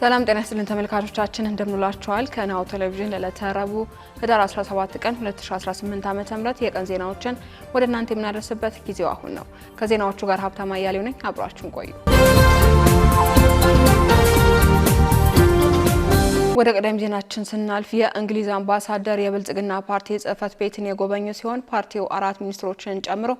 ሰላም ጤና ይስጥልን ተመልካቾቻችን፣ እንደምንላችኋል። ከናሁ ቴሌቪዥን ለዕለተ ረቡዕ ህዳር 17 ቀን 2018 ም የቀን ዜናዎችን ወደ እናንተ የምናደርስበት ጊዜው አሁን ነው። ከዜናዎቹ ጋር ሀብታማ አያሌው ነኝ። አብራችሁን ቆዩ። ወደ ቀደም ዜናችን ስናልፍ የእንግሊዝ አምባሳደር የብልጽግና ፓርቲ ጽህፈት ቤትን የጎበኙ ሲሆን ፓርቲው አራት ሚኒስትሮችን ጨምሮ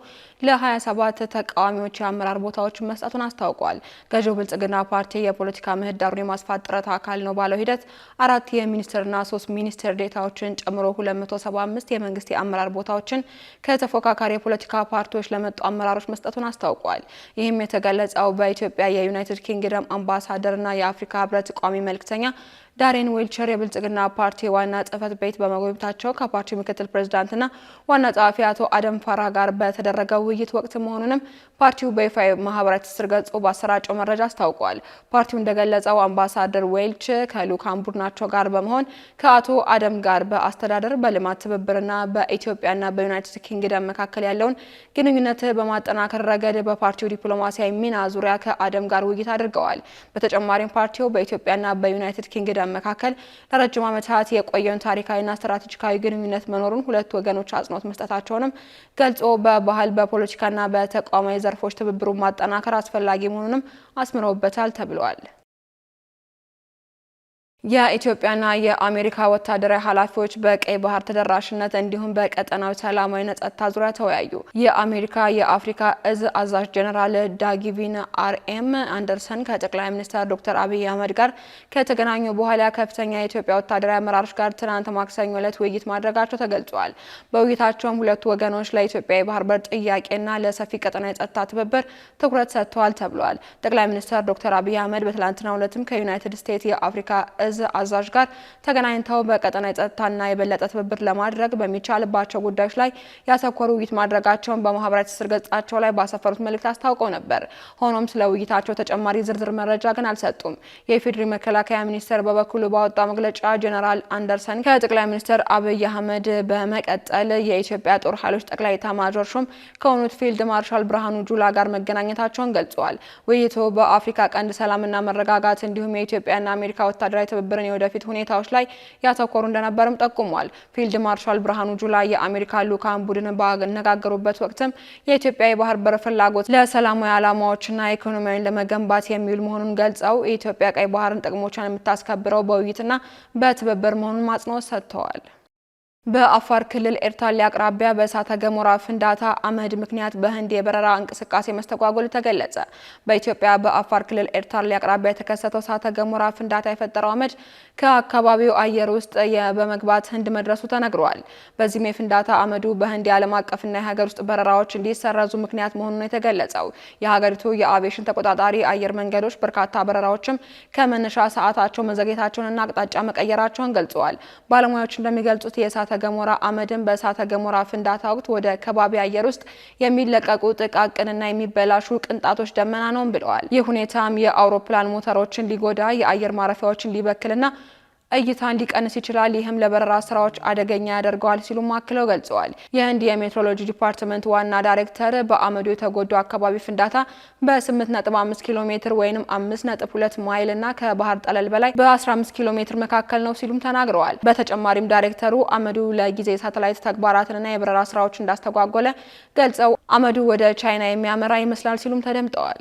ለ27 ተቃዋሚዎች የአመራር ቦታዎች መስጠቱን አስታውቋል። ገዢው ብልጽግና ፓርቲ የፖለቲካ ምህዳሩን የማስፋት ጥረት አካል ነው ባለው ሂደት አራት የሚኒስትርና ሶስት ሚኒስትር ዴታዎችን ጨምሮ 275 የመንግስት የአመራር ቦታዎችን ከተፎካካሪ የፖለቲካ ፓርቲዎች ለመጡ አመራሮች መስጠቱን አስታውቋል። ይህም የተገለጸው በኢትዮጵያ የዩናይትድ ኪንግደም አምባሳደርና የአፍሪካ ህብረት ቋሚ መልክተኛ ዳሬን ዌልቸር የብልጽግና ፓርቲ ዋና ጽህፈት ቤት በመጎብኘታቸው ከፓርቲው ምክትል ፕሬዚዳንትና ዋና ጸሐፊ አቶ አደም ፋራ ጋር በተደረገው ውይይት ወቅት መሆኑንም ፓርቲው በይፋ ማህበራዊ ትስስር ገጹ ባሰራጨው መረጃ አስታውቋል። ፓርቲው እንደገለጸው አምባሳደር ዌልች ከልዑካን ቡድናቸው ጋር በመሆን ከአቶ አደም ጋር በአስተዳደር በልማት ትብብርና በኢትዮጵያና በዩናይትድ ኪንግደም መካከል ያለውን ግንኙነት በማጠናከር ረገድ በፓርቲው ዲፕሎማሲያዊ ሚና ዙሪያ ከአደም ጋር ውይይት አድርገዋል። በተጨማሪም ፓርቲው በኢትዮጵያና በዩናይትድ ኪንግደም መካከል ለረጅም ዓመታት የቆየውን ታሪካዊና ስትራቴጂካዊ ግንኙነት መኖሩን ሁለቱ ወገኖች አጽንኦት መስጠታቸውንም ገልጾ በባህል በፖለቲካና በተቋማዊ ዘርፎች ትብብሩን ማጠናከር አስፈላጊ መሆኑንም አስምረውበታል ተብለዋል። የኢትዮጵያና የአሜሪካ ወታደራዊ ኃላፊዎች በቀይ ባህር ተደራሽነት እንዲሁም በቀጠናዊ ሰላማዊ ጸጥታ ዙሪያ ተወያዩ። የአሜሪካ የአፍሪካ እዝ አዛዥ ጀኔራል ዳጊቪን አርኤም አንደርሰን ከጠቅላይ ሚኒስትር ዶክተር አብይ አህመድ ጋር ከተገናኙ በኋላ ከፍተኛ የኢትዮጵያ ወታደራዊ አመራሮች ጋር ትናንት ማክሰኞ ዕለት ውይይት ማድረጋቸው ተገልጿል። በውይይታቸውም ሁለቱ ወገኖች ለኢትዮጵያ የባህር በር ጥያቄና ለሰፊ ቀጠና የጸጥታ ትብብር ትኩረት ሰጥተዋል ተብሏል። ጠቅላይ ሚኒስትር ዶክተር አብይ አህመድ በትላንትናው ዕለትም ከዩናይትድ ስቴትስ የአፍሪካ እዝ አዛዥ ጋር ተገናኝተው በቀጠና የጸጥታና የበለጠ ትብብር ለማድረግ በሚቻልባቸው ጉዳዮች ላይ ያተኮሩ ውይይት ማድረጋቸውን በማህበራዊ ትስስር ገጻቸው ላይ ባሰፈሩት መልእክት አስታውቀው ነበር። ሆኖም ስለ ውይይታቸው ተጨማሪ ዝርዝር መረጃ ግን አልሰጡም። የኢፌዴሪ መከላከያ ሚኒስቴር በበኩሉ ባወጣው መግለጫ ጄኔራል አንደርሰን ከጠቅላይ ሚኒስትር አብይ አህመድ በመቀጠል የኢትዮጵያ ጦር ኃይሎች ጠቅላይ ኤታማዦር ሹም ከሆኑት ፊልድ ማርሻል ብርሃኑ ጁላ ጋር መገናኘታቸውን ገልጸዋል። ውይይቱ በአፍሪካ ቀንድ ሰላምና መረጋጋት እንዲሁም የኢትዮጵያና አሜሪካ ወታደራዊ ትብብርን የወደፊት ሁኔታዎች ላይ ያተኮሩ እንደነበርም ጠቁሟል። ፊልድ ማርሻል ብርሃኑ ጁላ የአሜሪካ ሉካን ቡድን ባነጋገሩበት ወቅትም የኢትዮጵያ የባህር በር ፍላጎት ለሰላማዊ ዓላማዎችና ኢኮኖሚያዊን ለመገንባት የሚውል መሆኑን ገልጸው የኢትዮጵያ ቀይ ባህርን ጥቅሞቿን የምታስከብረው በውይይትና በትብብር መሆኑን ማጽንኦት ሰጥተዋል። በአፋር ክልል ኤርታሌ አቅራቢያ በእሳተ ገሞራ ፍንዳታ አመድ ምክንያት በህንድ የበረራ እንቅስቃሴ መስተጓጎል ተገለጸ። በኢትዮጵያ በአፋር ክልል ኤርታሌ አቅራቢያ የተከሰተው እሳተ ገሞራ ፍንዳታ የፈጠረው አመድ ከአካባቢው አየር ውስጥ በመግባት ህንድ መድረሱ ተነግሯል። በዚህም የፍንዳታ አመዱ በህንድ የዓለም አቀፍና የሀገር ውስጥ በረራዎች እንዲሰረዙ ምክንያት መሆኑን የተገለጸው የሀገሪቱ የአቪዬሽን ተቆጣጣሪ አየር መንገዶች በርካታ በረራዎችም ከመነሻ ሰዓታቸው መዘግየታቸውንና አቅጣጫ መቀየራቸውን ገልጸዋል። ባለሙያዎች እንደሚገልጹት የእሳተ እሳተ ገሞራ አመድን በእሳተ ገሞራ ፍንዳታ ወቅት ወደ ከባቢ አየር ውስጥ የሚለቀቁ ጥቃቅንና የሚበላሹ ቅንጣቶች ደመና ነውም ብለዋል። ይህ ሁኔታም የአውሮፕላን ሞተሮችን ሊጎዳ የአየር ማረፊያዎችን ሊበክልና እይታ እንዲቀንስ ይችላል። ይህም ለበረራ ስራዎች አደገኛ ያደርገዋል ሲሉም አክለው ገልጸዋል። የህንድ የሜትሮሎጂ ዲፓርትመንት ዋና ዳይሬክተር በአመዱ የተጎዱ አካባቢ ፍንዳታ በ8.5 ኪሎ ሜትር ወይም 5.2 ማይል እና ከባህር ጠለል በላይ በ15 ኪሎ ሜትር መካከል ነው ሲሉም ተናግረዋል። በተጨማሪም ዳይሬክተሩ አመዱ ለጊዜ ሳተላይት ተግባራትንና የበረራ ስራዎች እንዳስተጓጎለ ገልጸው አመዱ ወደ ቻይና የሚያመራ ይመስላል ሲሉም ተደምጠዋል።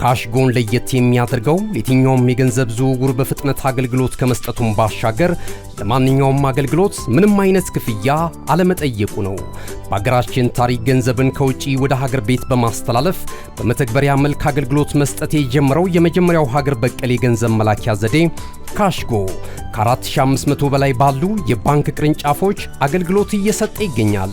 ካሽጎን ለየት የሚያደርገው የትኛውም የገንዘብ ዝውውር በፍጥነት አገልግሎት ከመስጠቱን ባሻገር ለማንኛውም አገልግሎት ምንም አይነት ክፍያ አለመጠየቁ ነው። በአገራችን ታሪክ ገንዘብን ከውጪ ወደ ሀገር ቤት በማስተላለፍ በመተግበሪያ መልክ አገልግሎት መስጠት የጀመረው የመጀመሪያው ሀገር በቀል የገንዘብ መላኪያ ዘዴ ካሽጎ ከ4500 በላይ ባሉ የባንክ ቅርንጫፎች አገልግሎት እየሰጠ ይገኛል።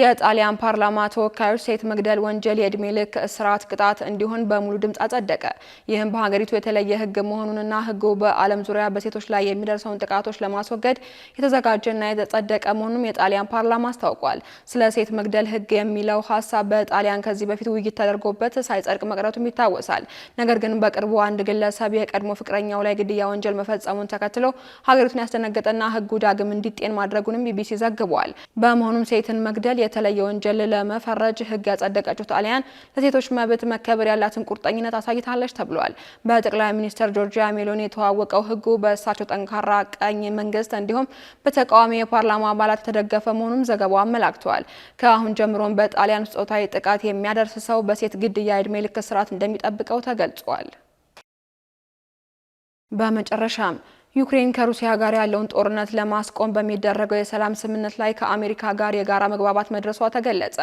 የጣሊያን ፓርላማ ተወካዮች ሴት መግደል ወንጀል የእድሜ ልክ እስራት ቅጣት እንዲሆን በሙሉ ድምፅ አጸደቀ። ይህም በሀገሪቱ የተለየ ህግ መሆኑንና ህጉ በዓለም ዙሪያ በሴቶች ላይ የሚደርሰውን ጥቃቶች ለማስወገድ የተዘጋጀና የተጸደቀ መሆኑም የጣሊያን ፓርላማ አስታውቋል። ስለ ሴት መግደል ህግ የሚለው ሀሳብ በጣሊያን ከዚህ በፊት ውይይት ተደርጎበት ሳይጸድቅ መቅረቱም ይታወሳል። ነገር ግን በቅርቡ አንድ ግለሰብ የቀድሞ ፍቅረኛው ላይ ግድያ ወንጀል መፈጸሙን ተከትሎ ሀገሪቱን ያስደነገጠና ህጉ ዳግም እንዲጤን ማድረጉንም ቢቢሲ ዘግቧል። በመሆኑም ሴትን መግደል የተለየ ወንጀል ለመፈረጅ ህግ ያጸደቀችው ጣሊያን ለሴቶች መብት መከበር ያላትን ቁርጠኝነት አሳይታለች ተብሏል። በጠቅላይ ሚኒስትር ጆርጂያ ሜሎኒ የተዋወቀው ህጉ በእሳቸው ጠንካራ ቀኝ መንግስት እንዲሁም በተቃዋሚ የፓርላማ አባላት የተደገፈ መሆኑም ዘገባው አመላክተዋል። ከአሁን ጀምሮም በጣሊያን ጾታዊ ጥቃት የሚያደርስ ሰው በሴት ግድያ እድሜ ልክ ስርዓት እንደሚጠብቀው ተገልጿል። በመጨረሻም ዩክሬን ከሩሲያ ጋር ያለውን ጦርነት ለማስቆም በሚደረገው የሰላም ስምምነት ላይ ከአሜሪካ ጋር የጋራ መግባባት መድረሷ ተገለጸ።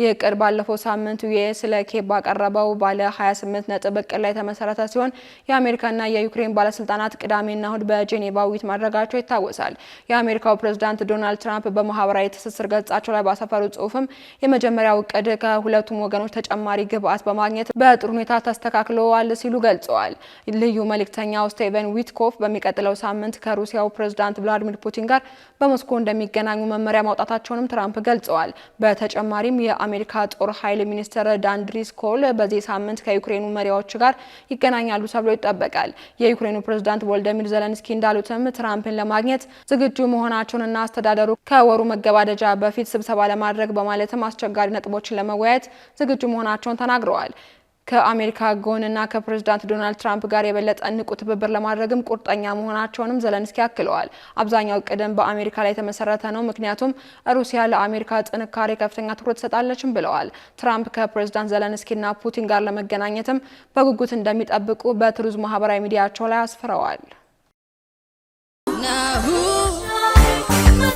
ይህ እቅድ ባለፈው ሳምንት ዩኤስ ለኬብ ባቀረበው ባለ 28 ነጥብ እቅድ ላይ የተመሰረተ ሲሆን የአሜሪካና የዩክሬን ባለስልጣናት ቅዳሜና እሁድ በጄኔቫ ውይይት ማድረጋቸው ይታወሳል። የአሜሪካው ፕሬዝዳንት ዶናልድ ትራምፕ በማህበራዊ ትስስር ገጻቸው ላይ ባሰፈሩ ጽሁፍም የመጀመሪያው እቅድ ከሁለቱም ወገኖች ተጨማሪ ግብአት በማግኘት በጥሩ ሁኔታ ተስተካክለዋል ሲሉ ገልጸዋል። ልዩ መልእክተኛው ስቴቨን ዊትኮፍ በሚቀጥለው ሳምንት ከሩሲያው ፕሬዝዳንት ቭላዲሚር ፑቲን ጋር በሞስኮ እንደሚገናኙ መመሪያ ማውጣታቸውንም ትራምፕ ገልጸዋል። በተጨማሪም የአሜሪካ ጦር ኃይል ሚኒስትር ዳንድሪስ ኮል በዚህ ሳምንት ከዩክሬኑ መሪዎች ጋር ይገናኛሉ ተብሎ ይጠበቃል። የዩክሬኑ ፕሬዝዳንት ቮሎዲሚር ዘለንስኪ እንዳሉትም ትራምፕን ለማግኘት ዝግጁ መሆናቸውንና አስተዳደሩ ከወሩ መገባደጃ በፊት ስብሰባ ለማድረግ በማለትም አስቸጋሪ ነጥቦችን ለመወያየት ዝግጁ መሆናቸውን ተናግረዋል። ከአሜሪካ ጎንና ከፕሬዝዳንት ዶናልድ ትራምፕ ጋር የበለጠ ንቁ ትብብር ለማድረግም ቁርጠኛ መሆናቸውንም ዘለንስኪ አክለዋል። አብዛኛው ቅደም በአሜሪካ ላይ የተመሰረተ ነው፣ ምክንያቱም ሩሲያ ለአሜሪካ ጥንካሬ ከፍተኛ ትኩረት ትሰጣለችም ብለዋል። ትራምፕ ከፕሬዝዳንት ዘለንስኪና ፑቲን ጋር ለመገናኘትም በጉጉት እንደሚጠብቁ በትሩዝ ማህበራዊ ሚዲያቸው ላይ አስፍረዋል።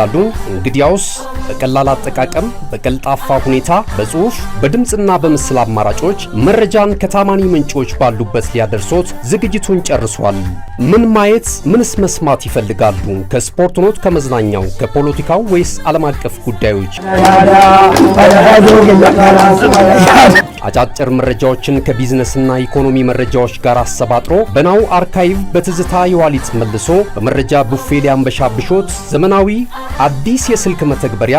ያደርጋሉ። እንግዲያውስ በቀላል አጠቃቀም፣ በቀልጣፋ ሁኔታ በጽሁፍ በድምፅና በምስል አማራጮች መረጃን ከታማኒ ምንጮች ባሉበት ሊያደርሶት ዝግጅቱን ጨርሷል። ምን ማየት ምንስ መስማት ይፈልጋሉ? ከስፖርት ኖት፣ ከመዝናኛው፣ ከፖለቲካው ወይስ ዓለም አቀፍ ጉዳዮች? አጫጭር መረጃዎችን ከቢዝነስና ኢኮኖሚ መረጃዎች ጋር አሰባጥሮ በናው አርካይቭ በትዝታ የዋሊት መልሶ በመረጃ ቡፌ ሊያንበሻብሾት ዘመናዊ አዲስ የስልክ መተግበሪያ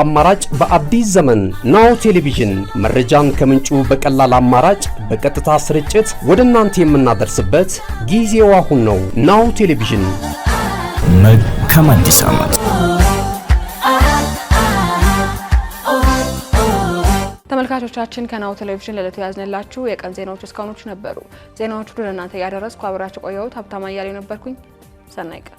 አማራጭ በአዲስ ዘመን ናሁ ቴሌቪዥን መረጃን ከምንጩ በቀላል አማራጭ በቀጥታ ስርጭት ወደ እናንተ የምናደርስበት ጊዜው አሁን ነው። ናሁ ቴሌቪዥን መልካም አዲስ ዓመት። ተመልካቾቻችን ከናሁ ቴሌቪዥን ለዕለቱ ያዝንላችሁ የቀን ዜናዎች እስካሁኖቹ ነበሩ። ዜናዎቹ ወደ እናንተ እያደረስኩ አብራችሁ ቆየሁት። ሀብታማ እያሌው ነበርኩኝ። ሰናይ ቀን